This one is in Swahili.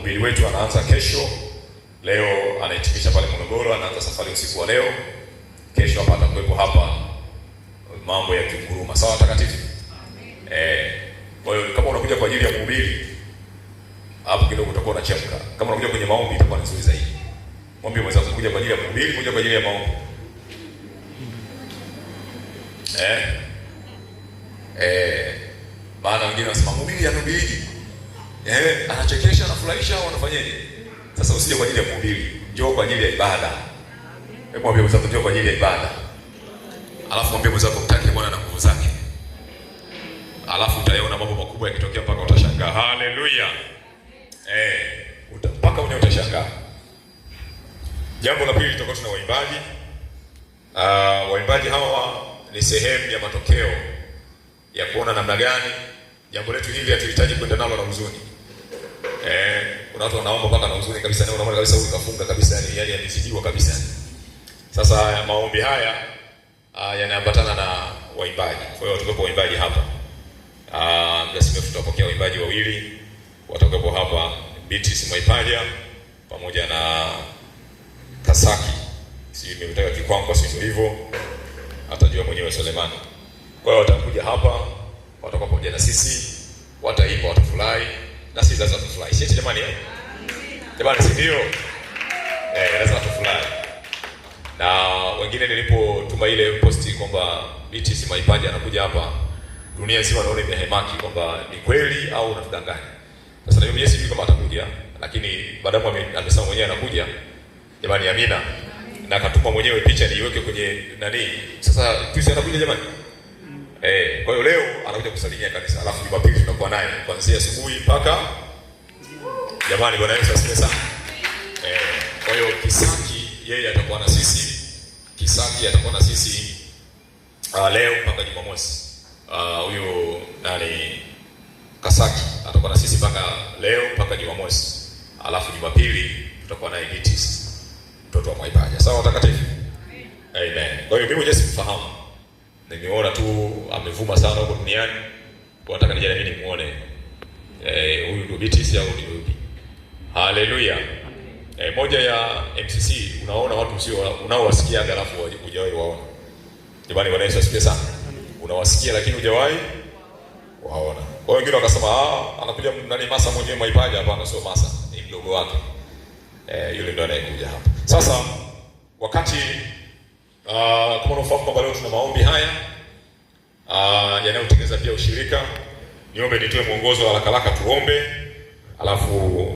mhubiri wetu anaanza kesho, leo anahitimisha pale Morogoro, anaanza safari usiku wa leo, kesho hapa atakuwepo hapa mambo ya kinguruma. Sawa takatifu, eh. Kwa hiyo kama unakuja kwa ajili ya kuhubiri hapo kidogo utakuwa unachemka. Kama unakuja kwenye maombi itakuwa nzuri zaidi. Mwambie mwenzako kuja kwa ajili ya kuhubiri, kuja kwa ajili ya maombi. Eh. Eh, Baada ya wengine wanasema mhubiri anahubiri eh, anachekesha, anafurahisha au anafanyaje? Sasa usije kwa ajili ya kuhubiri, njoo kwa ajili ya ibada. Hebu mwambie mzako njoo kwa ajili ya ibada, alafu mwambie mzako mtaki Bwana na nguvu zake, alafu utaona mambo makubwa yakitokea mpaka utashangaa. Haleluya! Eh, mpaka unaye utashangaa. Jambo la pili, tutakuwa tuna waimbaji Ah, uh, waimbaji hawa ni sehemu ya matokeo ya kuona namna gani jambo letu hili hatuhitaji kwenda nalo na huzuni Eh, kuna watu wanaomba mpaka na huzuni kabisa, na unaona kabisa ukafunga kabisa, yani yale yamezidiwa kabisa. Sasa maombi haya uh, yanaambatana na waimbaji. Kwa hiyo watakuwepo waimbaji hapa. Ah, uh, basi tutapokea waimbaji wawili watakuwepo hapa, Beatrice Mwaipaja pamoja na Kasaki. Sijui nimetaka kikwango si hivyo? Atajua mwenyewe Sulemani. Kwa hiyo watakuja hapa, watakuwa pamoja na sisi, wataimba, watafurahi na sisi lazima tufurahi. Sisi jamani, eh? Jamani, si ndio? Eh, lazima tufurahi. Na wengine nilipotuma ile posti kwamba miti si maipaji anakuja hapa, dunia nzima naona imehemaki kwamba ni kweli au unatudanganya. Sasa na mimi sijui kama atakuja, lakini baadamu amesema mwenyewe anakuja. Jamani, amina. Na akatupa mwenyewe picha niiweke kwenye nani. Sasa tusi anakuja jamani. Eh, kwa hiyo leo anakuja kusalimia kanisa, alafu Jumapili tunakuwa naye kuanzia asubuhi mpaka jamani, Bwana Yesu asifiwe sana. Eh, kwa hiyo Kisaki yeye atakuwa na sisi, Kisaki atakuwa na sisi uh, leo mpaka Jumamosi. Ah, huyo uh, nani Kasaki atakuwa na sisi mpaka leo mpaka Jumamosi, alafu Jumapili tutakuwa naye Gitis, mtoto wa Mwaipaja. Sawa watakatifu, amen. Kwa hiyo mimi mwenyewe simfahamu nimeona tu amevuma sana huko duniani, kwa nataka nije mimi nimuone, eh, huyu ndio BTC au ndio yupi? Haleluya. E, eh, moja ya MCC unaona watu sio unaowasikia halafu hujawahi waona. Jamani, Bwana Yesu asifiwe sana. Unawasikia lakini hujawahi waona. Kwa wengine wakasema ah, anakuja nani Masa mwenyewe Mwaipaja. Hapana, sio Masa, ni mdogo wake. E, yule ndo anayekuja hapa. Sasa wakati Uh, kama unafahamu kwamba leo tuna maombi haya uh, ah, yanayotengeneza pia ushirika. Niombe nitoe mwongozo haraka haraka, tuombe alafu